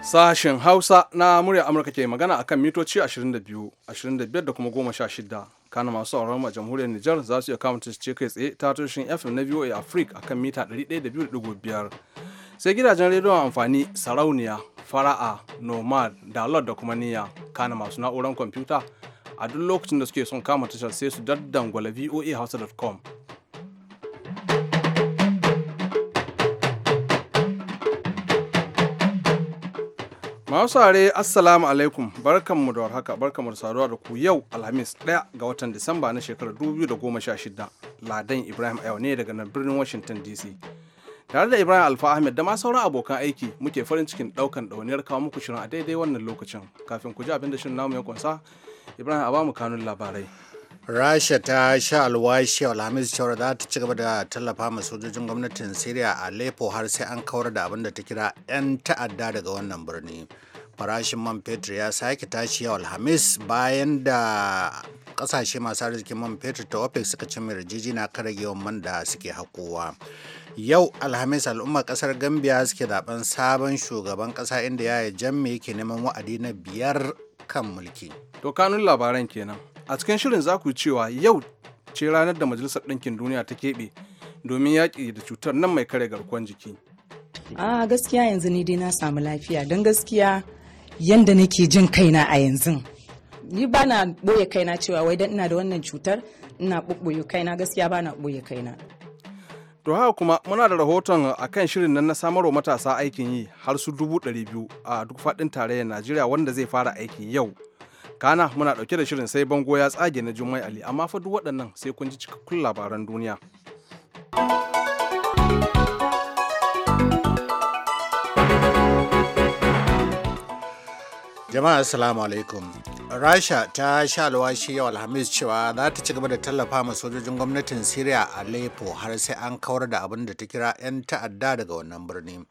Sashen Hausa na murya Amurka ke magana a kan mitoci 22, 25 da kuma 16. Kana masu sauraron a jamhuriyar Nijar za su iya kamata ce kai tsaye ta tushen FM na VOA Africa a kan mita 102.5. Sai gidajen rediyon amfani sarauniya, fara'a, nomad, dalot da kuma niyya. Kana masu na'urar kwamfuta a duk lokacin da suke son kama tashar sai su daddangwala voahausa.com Masu sare assalamu alaikum barkanmu da warhaka mu da saduwa da ku yau alhamis 1 ga watan disamba na shekarar 2016 ladan ibrahim a ne daga birnin washington dc tare da ibrahim alfa ahmed da ma sauran abokan aiki muke farin cikin daukan dauniyar kawo muku shirin a daidai wannan lokacin kafin ku ji abin da shirin namu ya kunsa ibrahim a bamu kanun labarai rasha ta sha alwashi a alhamis cewar za ta ci gaba da tallafa ma sojojin gwamnatin syria a aleppo har sai an kawar da abin da ta kira 'yan ta'adda daga wannan birni farashin man fetur ya sake tashi yau alhamis bayan da kasashe masu arzikin man fetur ta opec suka ci mai na kare yawan man da suke hakowa yau alhamis al'ummar kasar gambia suke zaben sabon shugaban kasa inda ya yi jamme yake neman wa'adi na biyar kan mulki. To kanun labaran kenan. A cikin shirin za ku cewa yau ce ranar da Majalisar Ɗinkin Duniya ta keɓe domin yaƙi da cutar nan mai kare garkuwar jiki. A gaskiya yanzu ni dai na samu lafiya don gaskiya yanda nake jin kaina a yanzu. Ni ba na ɓoye kaina cewa wai dan ina da wannan cutar ina ɓoɓɓoye kaina gaskiya ba na ɓoye kaina. To haka kuma muna da rahoton a kan shirin nan na samar wa matasa aikin yi har su dubu ɗari biyu a duk faɗin tarayyar Najeriya wanda zai fara aiki yau. Kana muna ɗauke da shirin sai bango ya tsage na Jummai Ali amma fa duk waɗannan sai kun ji cikakkun labaran duniya. Jama'a assalamu alaikum. rasha ta sha alwashi yau alhamis cewa za ta ci gaba da tallafa ma sojojin gwamnatin syria aleppo har sai an kawar da abin da ta kira 'yan ta'adda daga wannan birni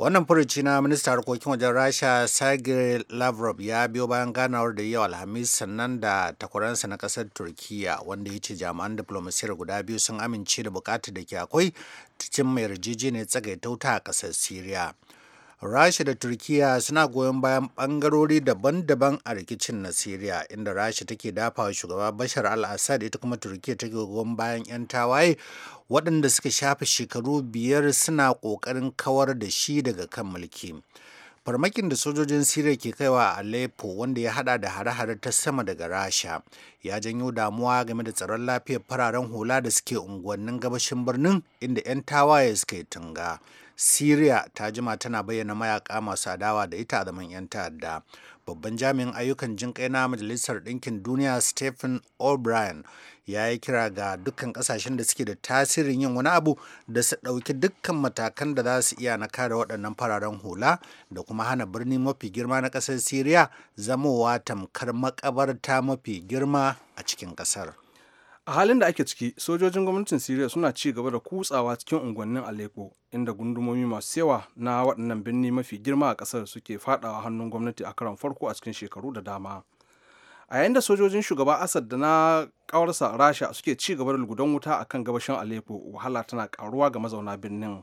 wannan furuci na minista harkokin wajen rasha sergey lavrov ya biyo bayan ganawar da yau alhamis sannan da takwaransa na kasar turkiyya wanda ya ce jami'an diplomasiyar guda biyu sun amince da bukatar da ke akwai cikin mai yarjejeniyar wuta a kasar syria rasha da turkiya suna goyon bayan ɓangarori daban-daban a rikicin na syria inda rasha take dafa shugaba bashar al-assad ita kuma turkiya take goyon bayan 'yan tawaye waɗanda suka shafe shekaru biyar suna ƙoƙarin kawar da shi daga kan mulki farmakin da sojojin siriya ke kaiwa a aleppo wanda ya hada da hare-hare ta sama daga rasha ya janyo damuwa game da tsaron lafiyar fararen hula da suke unguwannin gabashin birnin inda 'yan tawaye suka yi tunga Syria ta jima tana bayyana mayaka masu adawa da ita man 'yan ta'adda. Babban jami'in ayyukan jinƙai na Majalisar Ɗinkin Duniya Stephen O'Brien ya yi kira ga dukkan ƙasashen da suke da tasirin yin wani abu da su ɗauki dukkan matakan da za su iya na kare waɗannan fararen hula da kuma hana birni mafi girma na ƙasar Syria zamowa tamkar makabarta mafi girma a cikin ƙasar. a halin da ake ciki sojojin gwamnatin syria suna ci gaba da kutsawa cikin unguwannin aleppo inda gundumomi masu yawa na waɗannan birni mafi girma a ƙasar suke faɗawa hannun gwamnati a karon farko a cikin shekaru da dama a yayin da sojojin shugaba asad da na ƙawarsa rasha suke ci gaba da lugudan wuta a kan gabashin aleppo wahala tana ƙaruwa ga mazauna birnin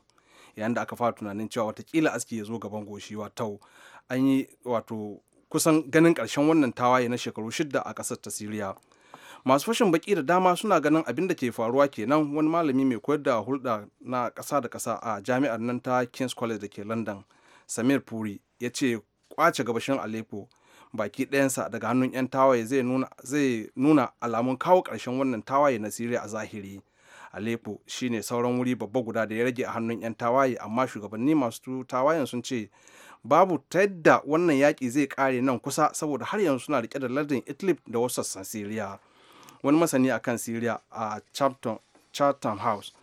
yayin da aka fara tunanin cewa watakila aski ya zo gaban goshi watau an yi wato kusan ganin ƙarshen wannan tawaye na shekaru shida a ƙasar ta siriya masu fashin baki da dama suna ganin abin da ke faruwa kenan wani malami mai koyar da hulɗa na ƙasa da ƙasa a jami'ar nan ta king's college da ke london samir puri ya ce kwace gabashin alepo baki ɗayansa daga hannun 'yan tawaye zai nuna, alamun kawo ƙarshen wannan tawaye na siriya a zahiri aleppo shine sauran wuri babba guda da ya rage a hannun 'yan tawaye amma shugabanni masu tawayen sun ce babu ta yadda wannan yaƙi zai ƙare nan kusa saboda har yanzu suna rike da lardin idlib da wasu sassan siriya wani masani a kan syria a chatham house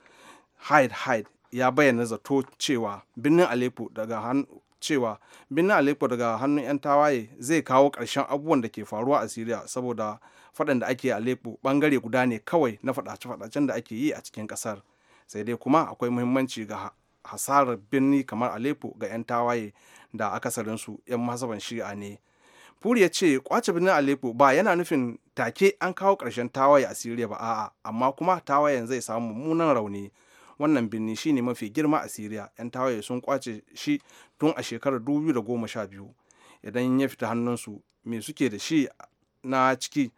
hyde hyde ya bayyana zato cewa birnin aleppo daga cewa birnin aleppo daga hannun 'yan tawaye zai kawo ƙarshen abubuwan da ke faruwa a syria saboda faɗan da ake aleppo ɓangare guda ne kawai na faɗace-faɗacen da ake yi a cikin ƙasar sai dai kuma akwai muhimmanci ga hasarar birni kamar aleppo ga 'yan tawaye da akasarinsu 'yan masaban shi'a ne Furi ya ce kwace birnin Aleppo ba yana nufin take an kawo ƙarshen tawaye a Siriya ba a'a amma kuma tawayen zai samu mummunan rauni wannan birni shine mafi girma a Siriya 'yan tawaye sun kwace shi tun a shekarar biyu idan ya fita hannunsu me suke da shi na ciki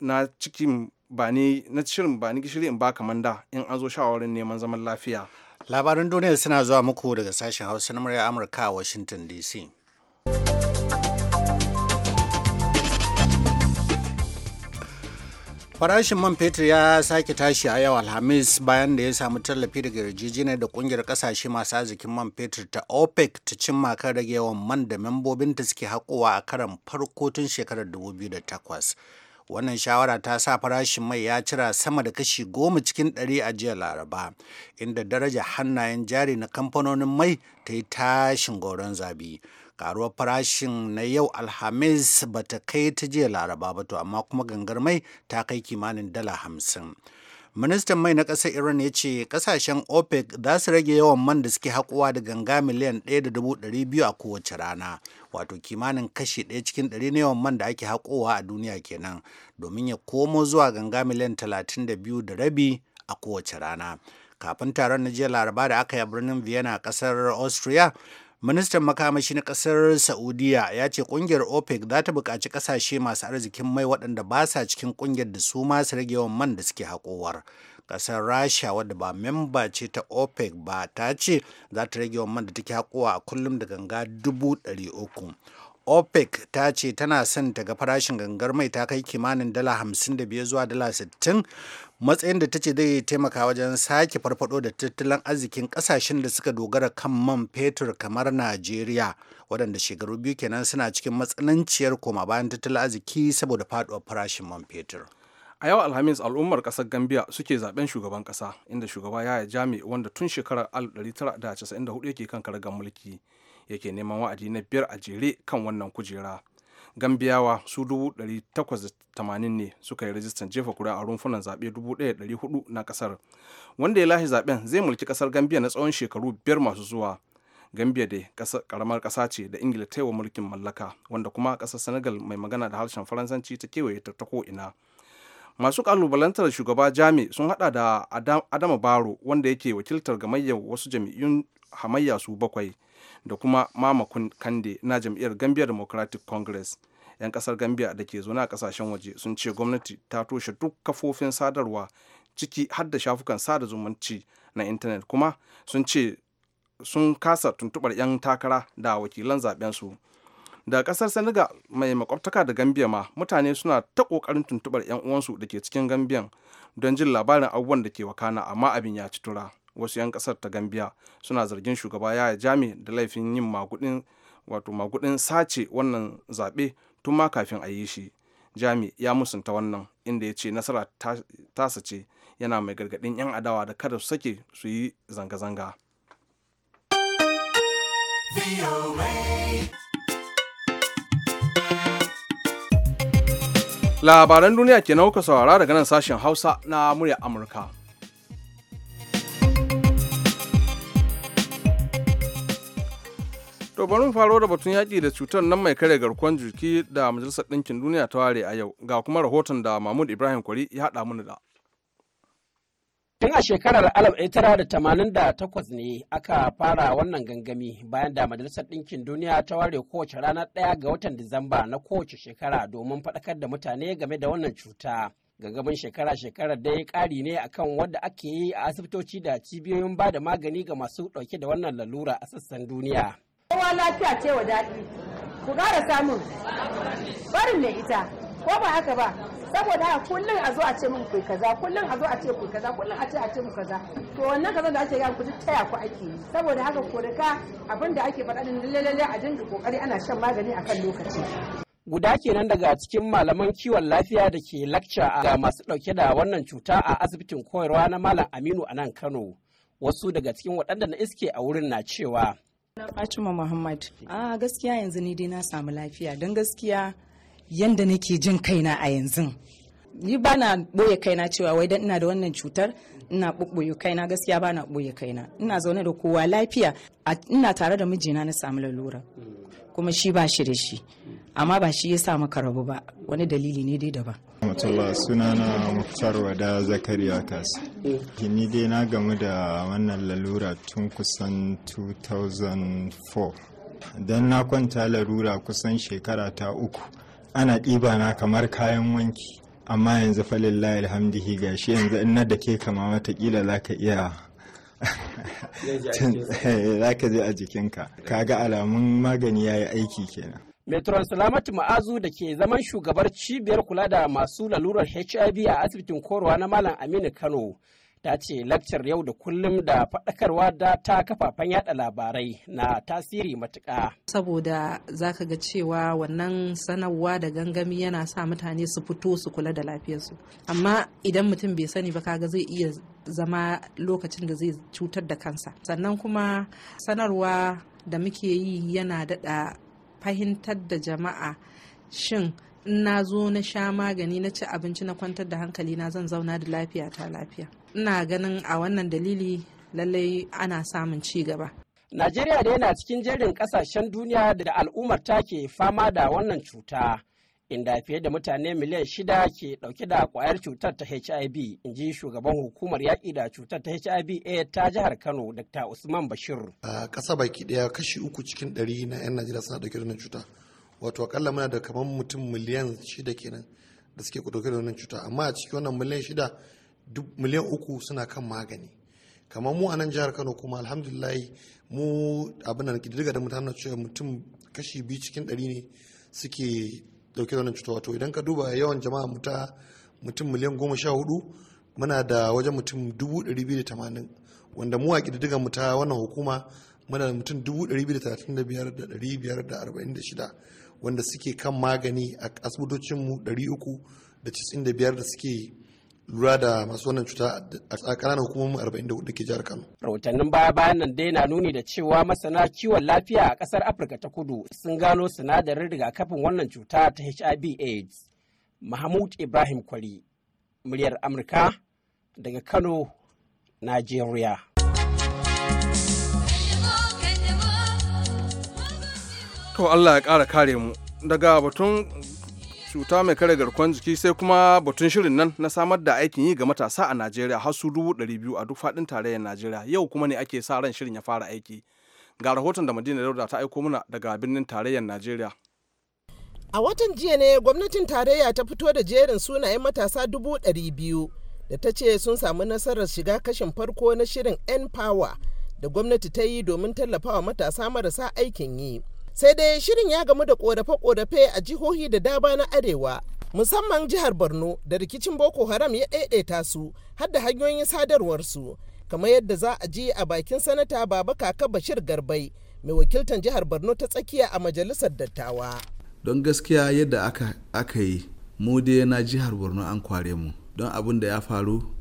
na cikin ba ni na shirin ba ni gishiri in ba kaman da in an zo shawarin neman zaman lafiya labarin duniya suna zuwa muku daga sashen hausa na murya amurka a washington dc farashin man fetur ya sake tashi a yau alhamis bayan da ya samu tallafi daga yarjejeniyar da kungiyar kasashe masu arzikin man fetur ta opec ta cimma kan rage yawan man da membobinta suke haƙowa a karan farko tun shekarar 2008 wannan shawara ta sa farashin mai ya cira sama da kashi goma cikin ɗari a jiya laraba inda daraja hannayen jari na kamfanonin mai ta yi tashin goron zabi karuwar farashin na yau alhamis ba ta kai ta jiya laraba ba to amma kuma gangar mai ta kai kimanin dala hamsin ministan mai na ƙasar iran ya ce ƙasashen opec za su rage yawan man da suke haƙuwa da ganga miliyan 1.200 a kowace rana wato kimanin kashi ɗaya cikin ɗari na yawan man da ake haƙowa a duniya kenan domin ya komo zuwa ganga miliyan 32 da rabi a kowace rana kafin taron na jiya laraba da aka yi birnin vienna ƙasar austria ministan makamashi na kasar saudiya ya ce kungiyar opec za ta buƙaci ƙasashe masu arzikin mai waɗanda ba sa cikin kungiyar da su masu rage yawan man da suke haƙowar ƙasar rasha wadda ba memba ce ta opec ba ta ce za ta rage yawan man da take haƙowa a kullum da ganga dubu ɗari uku OPEC ta ce tana son ta ga farashin gangar mai ta kai kimanin dala 55 zuwa dala 60 matsayin da ta ce zai taimaka wajen sake farfado da tattalin arzikin kasashen da suka dogara kan man fetur kamar Najeriya waɗanda shekaru biyu kenan suna cikin matsananciyar koma bayan tattalin arziki saboda faduwar farashin man fetur. a yau alhamis al'ummar kasar gambia suke zaben shugaban kasa inda shugaba yaya jami wanda tun shekarar 1994 yake kan karagar mulki yake neman wa'adi na biyar a jere kan wannan kujera gambiyawa su 880 ne suka yi rajistan jefa kura a rumfunan zaɓe 1400 na ƙasar wanda ya lahi zaɓen zai mulki ƙasar gambiya na tsawon shekaru biyar masu zuwa gambiya dai karamar ƙasa ce da ingila ta yi wa mulkin mallaka wanda kuma ƙasar senegal mai magana da harshen faransanci ta kewaye ta ko ina masu kalubalantar shugaba jami sun hada da adama baro wanda yake wakiltar gamayyar wasu jami'un hamayya su bakwai da kuma mama kande na jam'iyyar gambia democratic congress 'yan kasar gambia da ke zaune a kasashen waje sun ce gwamnati ta toshe duk kafofin sadarwa ciki har da shafukan sada zumunci na intanet kuma sun ce sun kasa tuntubar 'yan takara da wakilan zaɓensu da kasar senegal mai makwabtaka da gambia ma mutane suna ta kokarin tuntubar 'yan uwansu da ke cikin gambiyan don jin labarin abubuwan da ke wakana amma abin ya ci tura wasu 'yan kasar ta gambia suna zargin shugaba yaya jami da laifin yin magudin wato magudin sace wannan zaɓe tun ma kafin a yi shi jami ya musunta wannan inda ya ce nasara tasa ce yana mai gargaɗin 'yan adawa da kada su sake su yi zanga-zanga labaran duniya ke nauka saurara daga nan sashen hausa na murya amurka To bari faro da batun yaƙi da cutar nan mai kare garkuwar jiki da Majalisar Ɗinkin Duniya ta ware a yau ga kuma rahoton da Mahmud Ibrahim Kwari ya haɗa mana da. Tun a shekarar 1988 ne aka fara wannan gangami bayan da Majalisar Ɗinkin Duniya ta ware kowace ranar ɗaya ga watan Disamba na kowace shekara domin faɗakar da mutane game da wannan cuta. Gangamin shekara shekara dai ƙari ne akan wanda ake yi a asibitoci da cibiyoyin ba da magani ga masu ɗauke da wannan lalura a sassan duniya. kowa lafiya ce wa daɗi ku gara samun barin ne ita ko ba haka ba saboda haka kullum a zo a ce muku kai kaza kullum a zo a ce ku kaza kullum a ce a ce mu kaza to wannan kaza da ake yi ku taya ku ake yi saboda haka ko da abin da ake faɗa din lalle a dinga kokari ana shan magani akan lokaci guda kenan daga cikin malaman kiwon lafiya da ke lakca ga masu dauke da wannan cuta a asibitin koyarwa na malam aminu a nan kano wasu daga cikin waɗanda na iske a wurin na cewa fatima muhammad a gaskiya yanzu ni dai na samu lafiya don gaskiya yanda nake jin kaina a yanzu ni ba na ɓoye kaina cewa wai dan ina da wannan cutar ina ɓoɓɓoye kaina gaskiya ba na ɓoye kaina ina zaune da kowa lafiya ina tare da mijina na samu lalura kuma shi ba shi da shi amma ba shi ya sa maka rabu ba wani dalili ne dai daban. Matalla sunana Muftar Wada Zakariya Kasa. gini eh. dai na gamu da wannan lalura tun kusan 2004. Don na kwanta larura kusan shekara ta uku. Ana ɗiba na kamar kayan wanki. Amma yanzu falillahi ga shi yanzu in da ke kama watakila za ka iya eh, za ka je a jikinka Ka ga alamun magani ya yi aiki kenan Metron Salamatu Ma'azu da ke zaman shugabar cibiyar kula da masu lalurar HIV a asibitin korowa na Malam Aminu Kano ta ce lakcar yau da kullum da faɗakarwa da ta kafafen yada labarai na tasiri matuka. saboda za ka ga cewa wannan sanarwa da gangami yana sa mutane su fito su kula da lafiyarsu amma idan mutum bai sani ba kaga zai iya zama lokacin da zai cutar da kansa sannan kuma sanarwa da muke yi yana daɗa fahimtar da jama'a shin in na zo na sha magani na ci abinci na kwantar da hankali na zan zauna da lafiya ta lafiya ina ganin a wannan dalili lallai ana samun ci gaba najeriya da yana cikin jerin kasashen duniya da al'ummar ta ke fama da wannan cuta inda fiye da mutane miliyan shida ke dauke da kwayar cutar ta hiv in ji shugaban hukumar yaƙi da cutar ta hiv a ta jihar kano dr usman bashir a ƙasa baki ɗaya kashi uku cikin ɗari na 'yan najeriya suna dauke da wannan cuta wato akalla muna da kamar mutum miliyan shida kenan da suke dauke da wannan cuta amma a cikin wannan miliyan shida miliyan uku suna kan magani kamar mu a nan jihar kano kuma alhamdulillah mu abin da kididdiga da mutanen cewa mutum kashi biyu cikin ɗari ne suke dauke da wannan cuta wato idan ka duba yawan jama'a mu ta mutum miliyan goma sha hudu muna da wajen mutum dubu ɗari biyu da tamanin wanda mu a ƙididdigan mu ta wannan hukuma muna da mutum dubu ɗari biyu da talatin da biyar da ɗari biyar da arba'in da shida wanda suke kan magani a asibitocinmu ɗari uku da cisin da biyar da suke lura da masu wannan cuta a ƙananan hukumomin 44 da ke jihar Kano. Rahotannin baya bayan nan dai na nuni da cewa masana kiwon lafiya a ƙasar Afirka ta Kudu sun gano sinadarin rigakafin wannan cuta ta HIV/AIDS. Mahmud Ibrahim Kwari, muryar Amurka daga Kano, Najeriya. To Allah ya kara kare mu daga batun cuta mai kare garkuwar jiki sai kuma batun shirin nan na samar da aikin yi ga matasa a najeriya har su dubu ɗari biyu a duk faɗin tarayyar najeriya yau kuma ne ake sa ran shirin ya fara aiki ga rahoton da madina dauda ta aiko mana daga birnin tarayyar najeriya a watan jiya ne gwamnatin tarayya ta fito da jerin sunayen matasa dubu ɗari biyu da ta ce sun samu nasarar shiga kashin farko na shirin n power da gwamnati ta yi domin tallafawa matasa marasa aikin yi sai dai shirin ya gamu da ƙorafe ƙorafe a jihohi da dama na arewa musamman jihar borno da rikicin boko haram ya ɗaiɗaita su har da hanyoyin sadarwarsu kamar yadda za a ji a bakin sanata baba kaka bashir garbai mai wakiltar jihar borno ta tsakiya a majalisar dattawa don gaskiya yadda aka, yi mu dai na jihar borno an kware mu don abin da ya faru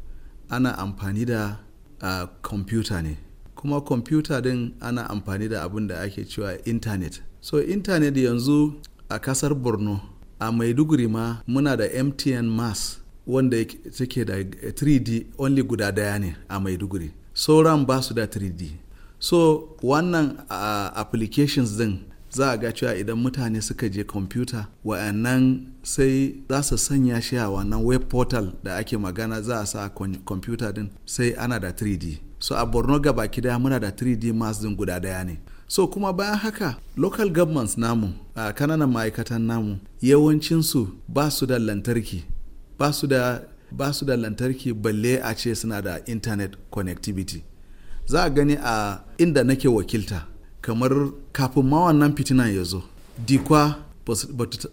ana amfani da ah, kwamfuta uh, ne kuma kwamfuta din ana amfani da abin da ake cewa intanet so intanet yanzu a kasar borno a maiduguri ma muna da mtn mass wanda take da 3d only guda daya ne a maiduguri sauran ba su da 3d so wannan uh, applications din za a ga cewa idan mutane suka je kwamfuta wa'annan sai za su sanya shi a wannan web portal da ake magana za a sa kwamfuta din sai ana da 3d so a borno ga baki daya muna da 3d mass din guda daya ne so kuma bayan haka local governments namu a kananan ma'aikatan namu yawancinsu ba su da lantarki ba su da ba su da lantarki balle a ce suna da internet connectivity za a gani a inda nake wakilta kamar kafin ma wannan fitinan ya zo dikwa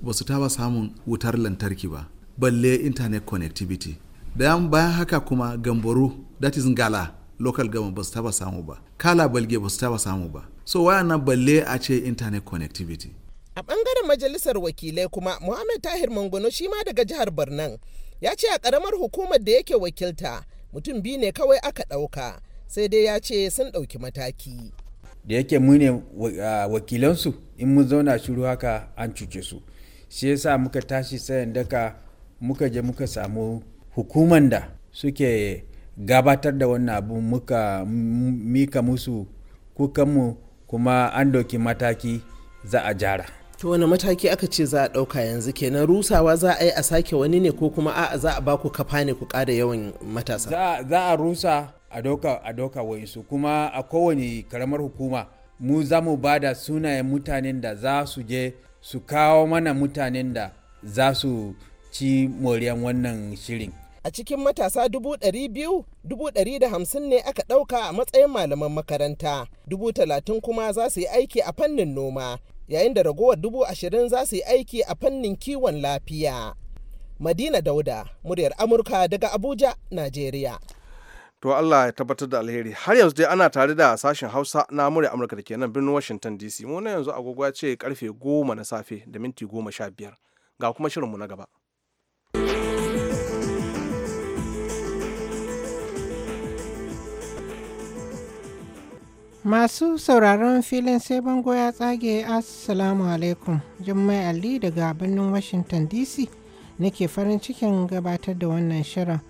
ba su taba samun wutar lantarki ba balle internet connectivity da bayan haka kuma gamboru that is ngala local government ba su taba samu ba kala balge ba su taba samu ba so na balle a ce internet connectivity a bangaren majalisar wakilai kuma muhammed tahir mangono shi ma daga jihar barnan ya ce a karamar hukumar da yake wakilta mutum biyu ne kawai aka dauka sai dai ya ce sun dauki mataki da yake mu ne wakilansu in mun zauna shiru haka an cuce su shi yasa muka tashi sayan daka muka je muka samu hukumar da suke gabatar da wannan abu muka mika musu kukanmu kuma an ɗauki mataki za a jara to wani mataki aka ce za a ɗauka yanzu kenan rusawa za a yi a sake wani ne ko kuma a'a za a ba ku kafa ne ku ƙara yawan matasa za a rusa a doka a ɗauka kuma a kowane karamar hukuma mu za mu ba da sunayen mutanen da za su je su kawo mana mutanen da za su ci moriyan wannan shirin a cikin matasa dubu ɗari hamsin ne aka ɗauka a matsayin malaman makaranta dubu talatin kuma za su yi aiki a fannin noma yayin da ragowar dubu ashirin za su yi aiki a fannin kiwon lafiya madina dauda muryar amurka daga abuja najeriya to allah ya tabbatar da alheri har yanzu dai ana tare da sashen hausa na muryar amurka da ke nan birnin washington dc mu na yanzu agogo ce karfe goma na safe da minti goma sha biyar ga kuma shirinmu na gaba Masu sauraron filin sai bango ya tsage Assalamu alaikum Jummai alli daga birnin Washington DC nake farin cikin gabatar da wannan shirin.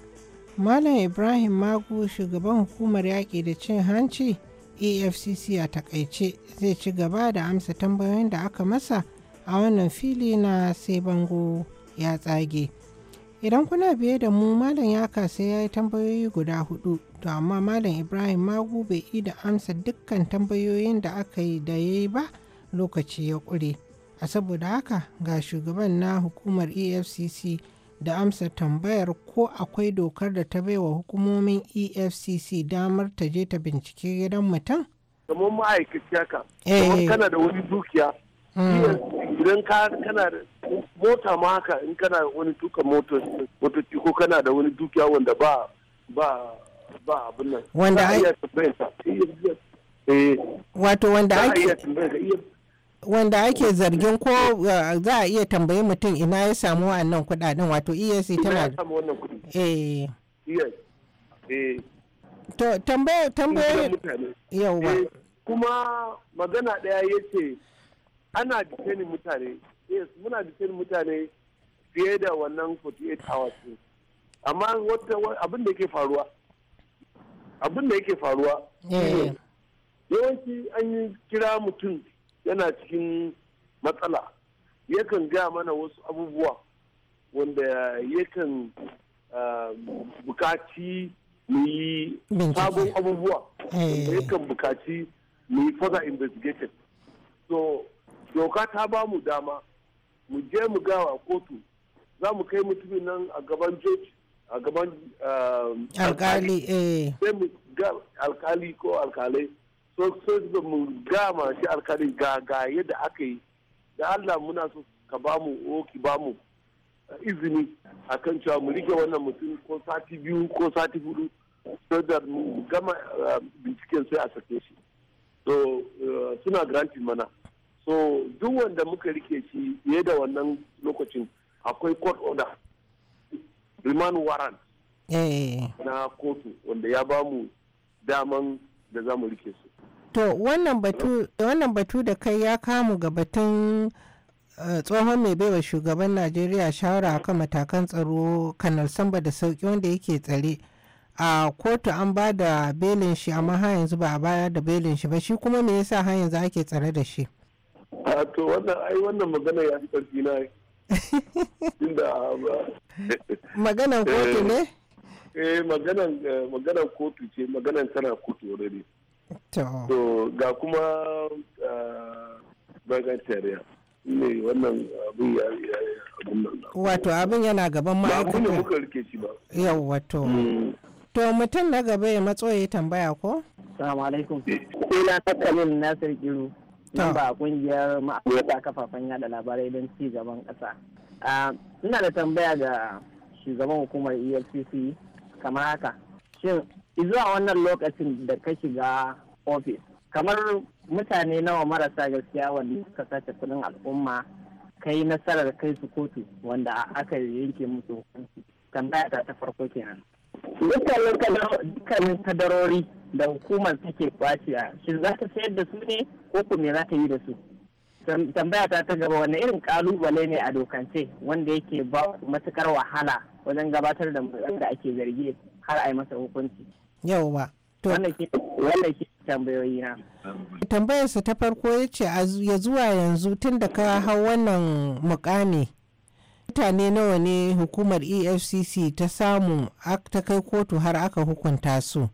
Malam Ibrahim Magu shugaban hukumar yaƙi da cin hanci EFCC a takaice zai ci gaba da amsa tambayoyin da aka masa a wannan fili na sai bango ya tsage. Idan kuna biye da mu Malam ya sai ya yi tambayoyi guda hudu, to amma Malam Ibrahim Magu bai yi da amsa dukkan tambayoyin da aka yi da ya yi ba lokaci ya kure A saboda haka ga shugaban na hukumar EFCC da amsa tambayar ko akwai dokar da ta baiwa hukumomin EFCC damar ta je ta bincike gidan mutum? Kamar ma'aikaci haka, eh. kamar kana da wani dukiya. idan ka kana da mota ma haka in kana wani duka motoci ko kana da wani dukiya wanda ba ba ba abin nan wanda ai eh. wato wanda ake wanda ake zargin ko eh, za a iya tambayi mutum ina ya samu wannan kudaden wato EAC tana eh eh to tambaye tambaye yawa eh, kuma magana daya yace ana detaining mutane yes muna detaining mutane fiye da wannan 48 hours amma abin da yake faruwa abin da yake faruwa yawanci an yi kira mutum yana cikin matsala yakan gaya mana wasu abubuwa wanda yakan um, bukaci mu yi sabon abubuwa wanda yakan bukaci mu yi further investigation so doka ta ba mu dama mu je mu gawa kotu za mu kai mutumin nan a gaban jeji a gaban um, alkali eh. sai mu ga alkali ko alkalai so da mu gama shi alkali ga ga yadda aka yi da Allah muna so ka ba mu oki oh, ba mu uh, izini kan cewa mu rike wannan mutum ko sati biyu ko sati hudu so da mu gama uh, binciken sai a sake shi so uh, suna granting mana so duk wanda muka rike shi fiye da wannan lokacin akwai court order remand warrant eh. na kotu wanda ya ba mu daman da za mu rike su to wannan batu da kai ya kamu ga batun eh, tsohon mai baiwa shugaban najeriya shawara akan matakan tsaro kanar samba da sauki wanda yake tsare a kotu an ba da belin shi amma har yanzu ba a baya da belin shi ba shi kuma me yasa har yanzu ake tsare da shi a to wannan ai wannan magana ya fi karfi na inda maganan eh. kotu ne eh maganan eh, maganan kotu ce maganan tana kotu already to ga kuma eh, bagan tariya ne wannan abin ya wato abin yana gaban ma'aikata ba muka rike shi ba yau wato mm. to mutum na gaba ya matso ya tambaya ko assalamu alaikum ina n'a nasir kiru nan ba kungiyar ma'aikata kafafen yada labarai don ci gaban kasa ina da tambaya ga shugaban hukumar efcc kamar haka shin zuwa wannan lokacin da ka shiga ofis kamar mutane nawa marasa gaskiya wanda suka sace kudin al'umma kai nasarar kai su kotu wanda aka yanke musu tambaya ta farko kenan dukkanin dukkanin kadarori da hukumar take kwaci a shin za ta sayar da su ne ko kuma za ta yi da su tambaya ta ta gaba wani irin kalubale ne a dokance wanda yake ba matukar wahala wajen gabatar da da ake zargi har a yi masa hukunci yawwa wannan ke tambayoyi na tambayarsa ta farko ya ce ya zuwa yanzu tun da ka hau wannan mukami mutane nawa ne hukumar efcc ta samu ta kai kotu har aka hukunta su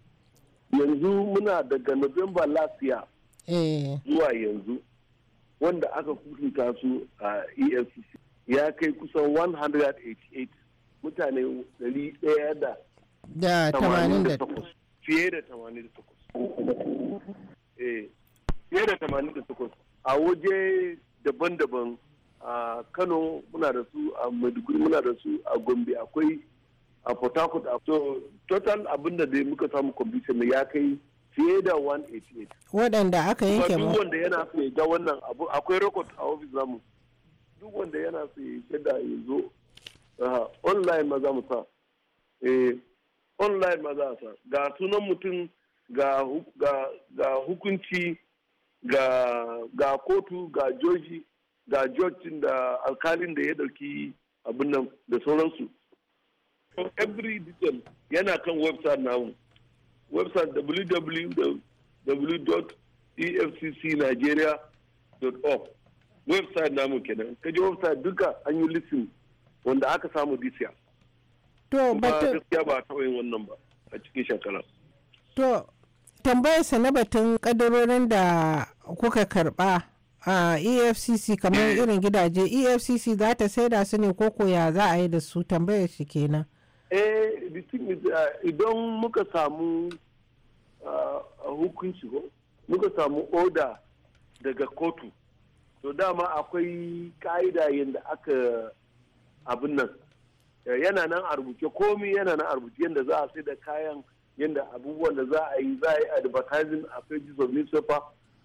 yanzu muna daga november last year eh. zuwa yanzu wanda aka hukunta su a efcc ya kai kusan 188 mutane 188 fiye da 88 eh, fiye da 88 a waje daban-daban a kano muna da su a maiduguri muna da su a gombe akwai a port harcourt a so total abin da dai muka samu kwamfuta ya kai fiye da 188 waɗanda aka yanke ba duk wanda yana su ya ga wannan abu akwai record a ofis namu duk wanda yana su ya da ya zo online ma za mu sa eh, online ma za a sa ga sunan mutum ga hukunci ga kotu ga joji ga jojin da alkalin da ya ɗauki abin nan da sauransu so every detail yana kan website namu website www.efccnigeria.org website namu kenan kaje website duka an yi listing wanda aka samu this year to ba gaskiya ba taɓa yin wannan ba a cikin shekara to sa na batun kadarorin da kuka karba a efcc kamar irin gidaje efcc za ta saida su ne ko koya za a yi da su tambayar shi kenan eh uh, idan muka samu uh, hukunci ko muka samu oda daga kotu to dama akwai ka'ida yadda aka abin nan eh, yana nan a rubuce komi yana nan a rubuce yadda za a sai da kayan yadda abubuwan da za a yi za a yi advertising a pages of newspaper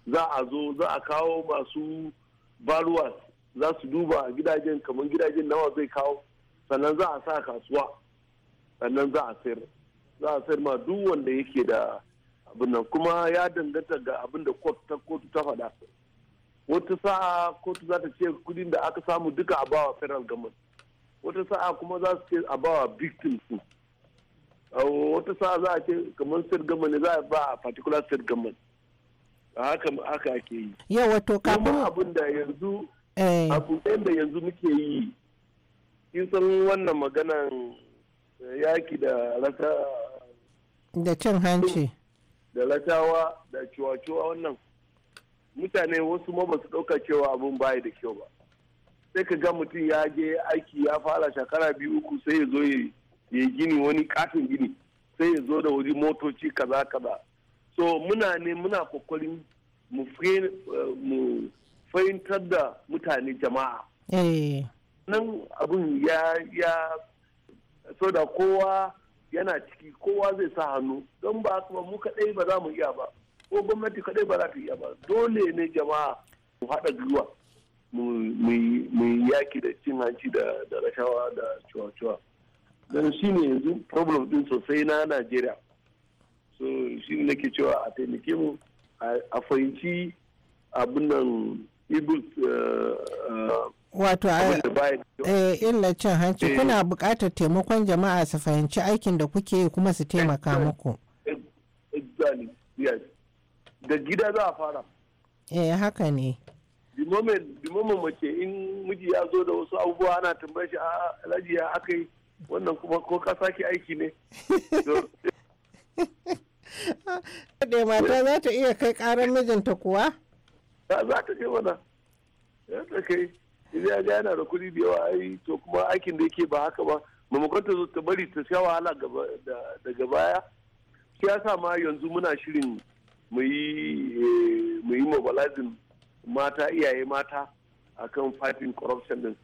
za a zo za a kawo masu baluwa za su duba gidajen kamar gidajen nawa zai kawo sannan za a sa kasuwa sannan za a sayar za a sayar ma duk wanda yake da abin nan kuma ya danganta ga abin da kotu ta faɗa wata sa'a kotu za ta ce kudin da aka samu duka a bawa federal government wata sa'a kuma za su ce a bawa victim su wata sa'a za a ce kamar state government za a ba a particular state government haka haka ake yi yawa wato kafin abin da yanzu eh. abu da yanzu muke yi kin san wannan maganan eh, yaki da rasa da cin hanci da latawa da cuwa cuwa wannan mutane wasu ma ba su ɗauka cewa abin baya da kyau ba sai ka ga mutum ya je aiki ya fara shekara biyu uku sai ya zo ya gini wani katin gini sai ya zo da wani motoci kaza kaza so muna ne muna kokarin mu eh, fahimtar da mutane jama'a eh. nan abun ya ya so da kowa yana ciki kowa zai sa hannu don ba haka mu kadai ba za mu iya ba ko gwamnati kadai ba za ta iya ba dole ne jama'a mu haɗa gwiwa mu yaki da cin hanci da rashawa da cuwa-cuwa don shi ne yanzu problem din sosai na najeriya so shi ne ke cewa a taimake mu a fahimci abin nan eagles eh, eh, wato eh, illa cin hanci kuna buƙatar taimakon jama'a su fahimci aikin da kuke yi kuma su taimaka muku da gida za a fara eh haka ne the moment mace in miji ya zo da wasu abubuwa ana tambayar shi a alaji ya aka yi wannan kuma ko ka sake aiki ne da mata za ta iya kai karar mijinta kuwa? za ta je mana ya ta kai idan ya yana da kuɗi da yawa ai to kuma aikin da yake ba haka ba Mamakon ta zo ta bari ta sha wahala daga baya shi yasa ma yanzu muna shirin eh, mu yi mobilizing mata iyaye mata akan fighting corruption din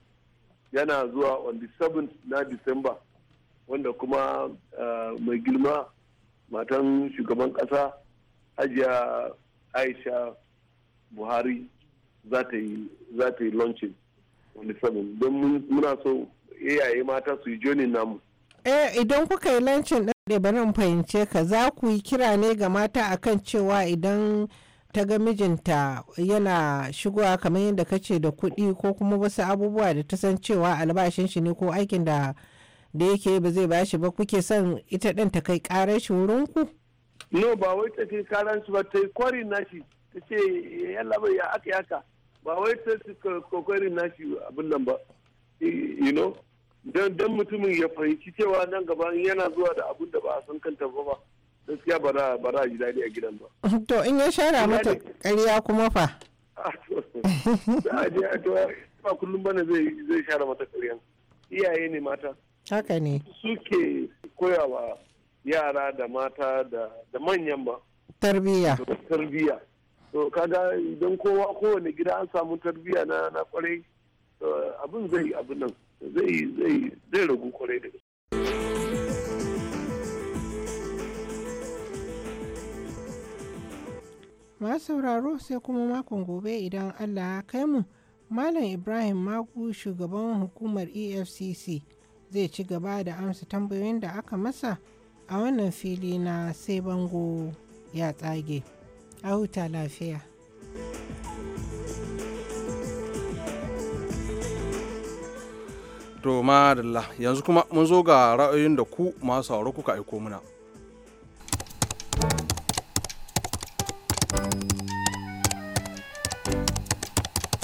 yana zuwa on the 7th na december wanda kuma eh, mai girma matan shugaban kasa hajiya aisha buhari za ta yi launching wani don muna so iyaye mata su yi joni namu eh idan kuka yi launching ɗin bari in fahimce ka za ku yi kira ne ga mata akan cewa idan ta ga mijinta yana shigowa kamar yadda ka ce da kuɗi ko kuma wasu abubuwa da ta san cewa albashin shi ne ko aikin da da yake ba zai ba shi ba kuke son ita ɗin ta kai ƙarar shi wurin ku? no ba wai ta kai ƙarar shi ba ta yi kwari na shi ta ce yalla bai ya aka yaka ba wai ta kwari na shi abin nan ba you know don don mutumin ya fahimci cewa nan gaba yana zuwa da abin da ba a san kanta ba ba gaskiya ba za ba za ji daɗi a gidan ba to in ya shara mata ƙarya kuma fa ah, a to, a kullum bane zai share mata ƙaryan iyaye ne mata haka ne suke koyawa yara da mata da manyan ba tarbiyya tarbiya to kaga idan kowa kowane gida an samu tarbiyya na na kwarai abin zai abin nan zai zai zai ragu kwarai da ma sauraro sai kuma makon gobe idan allah ya kai mu malam ibrahim magu shugaban hukumar efcc zai ci gaba da amsa tambayoyin da aka masa a wannan fili na sai bango ya tsage a huta lafiya to madalla yanzu kuma mun zo ga ra'ayoyin da ku masu sauraro kuka aiko muna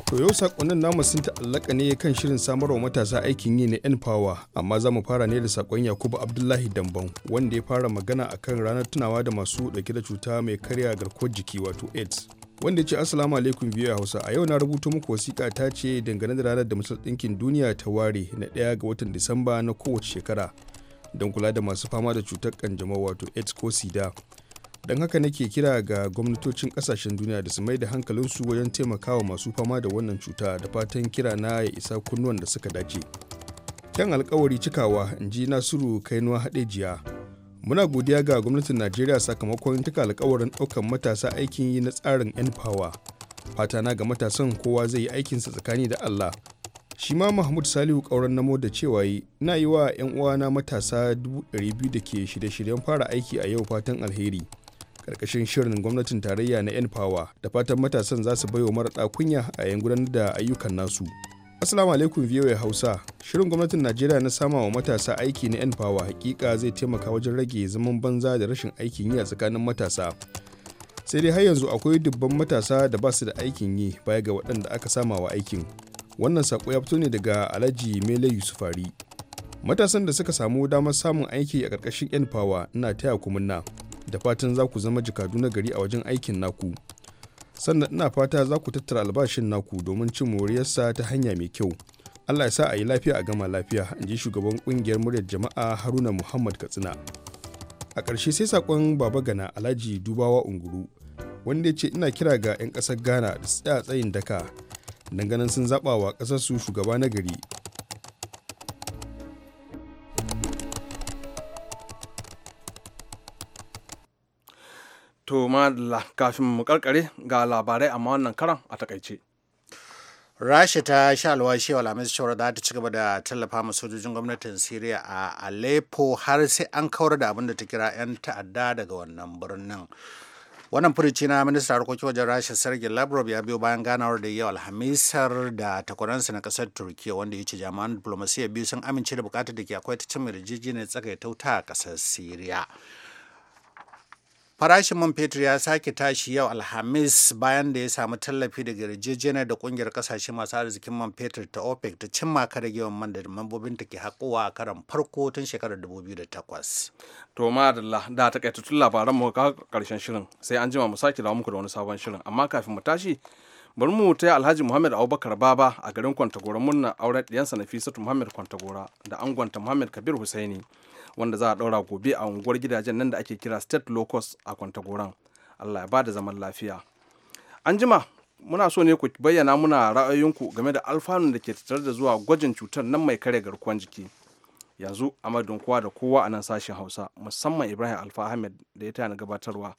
To yau sakonnin namu sun ta'allaka ne kan shirin samarwa matasa aikin yi na 'yan fawa amma za mu fara ne da sakon Yakubu Abdullahi Damban wanda ya fara magana a kan ranar tunawa da masu dauke da cuta mai karya garkuwar jiki wato AIDS. Wanda ya ce Assalamu alaikum biyu Hausa a yau na rubuta muku wasiƙa ta ce dangane da ranar da Majalisar Ɗinkin Duniya ta ware na ɗaya ga watan Disamba na kowace shekara don kula da masu fama da cutar kanjamau wato AIDS ko SIDA. don haka nake kira ga gwamnatocin kasashen duniya da su mai da hankalinsu wajen taimakawa masu fama da wannan cuta da fatan kira na ya isa kunnuwan da suka dace kyan alkawari cikawa in ji nasiru kainuwa haɗejiya muna godiya ga gwamnatin najeriya sakamakon cika alkawarin ɗaukan matasa aikin yi na tsarin yan fawa fata na ga matasan kowa zai yi aikinsa tsakani da allah shi ma mahmud salihu ƙauren namo da cewa yi na yi wa 'yan uwana matasa 200 da ke shirye-shiryen fara aiki a yau fatan alheri karkashin shirin gwamnatin tarayya na Power' da fatan matasan za su wa marasa kunya a yan gudanar da ayyukan nasu Assalamu alaikum VOA Hausa. Shirin gwamnatin Najeriya na sama wa matasa aiki na Power' hakika zai taimaka wajen rage zaman banza da rashin aikin yi a tsakanin matasa. Sai dai har yanzu akwai dubban matasa da ba su da aikin yi baya ga waɗanda aka sama wa aikin. Wannan saƙo ya fito ne daga Alhaji Mele Yusufari. Matasan da suka samu damar samun aiki a ƙarƙashin npower na taya kumunna. da fatan za ku zama jikadu na gari a wajen aikin naku sannan ina fata za ku tattara albashin naku domin cin moriyarsa ta hanya mai kyau allah ya sa a yi lafiya a gama lafiya in ji shugaban kungiyar muryar jama'a haruna muhammad katsina a ƙarshe sai saƙon baba gana alhaji dubawa unguru wanda ya ce ina kira ga 'yan ƙasar ghana da tsaya tsayin daka ganin sun zaɓa wa ƙasarsu shugaba na gari To madalla kafin mu karkare ga labarai amma wannan karan a takaice. Rasha ta sha alwashi wa Lamis Shawar da ta ci gaba da tallafa ma sojojin gwamnatin Siriya a Aleppo har sai an kawar da abin da ta kira 'yan ta'adda daga wannan birnin. wannan furuci na minista harkokin wajen rasha sergei lavrov ya biyo bayan ganawar da yau alhamisar da takwaransa na kasar turkiya wanda ya ce jami'an diplomasiya biyu sun amince da bukatar da ke akwai ta cin yarjejeniyar tsakaitauta a kasar syria Farashin man fetur ya sake tashi yau Alhamis bayan da ya samu tallafi daga yarjejeniyar da kungiyar kasashe masu arzikin man fetur ta OPEC ta cimma ka rage man da mambobin ta ke haƙowa a karan farko tun shekarar 2008. To ma da takaitattun labaran mu ga karshen shirin sai an jima mu sake dawo muku da wani sabon shirin amma kafin mu tashi bari mu taya Alhaji Muhammad Abubakar Baba a garin Kwantagora murna auren sana'fi Nafisatu Muhammad Kwantagora da angonta Muhammad Kabir Husaini. wanda za a ɗaura gobe a unguwar gidajen nan da ake kira state locust a kwantagoran allah ya ba da zaman lafiya an jima muna so ne ku bayyana muna ra'ayoyinku game da alfanun da ke tattare da zuwa gwajin cutar nan mai kare garkuwar jiki yanzu a madadin kowa da kowa a nan sashen hausa musamman ibrahim alfa ahmed da ya tana gabatarwa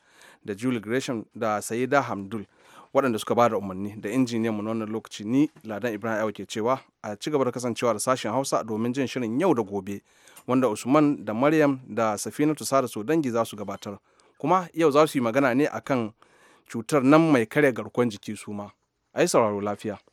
da julie gresham da sayida hamdul waɗanda suka ba da umarni da injiniyan mu wannan lokaci ni ladan ibrahim ke cewa a ci gaba da kasancewa da sashen hausa domin jin shirin yau da gobe wanda usman da maryam da safina safinatu sada su dangi za su gabatar kuma yau za su yi magana ne akan cutar nan mai karya garkuwar jiki su ma ai sauraro lafiya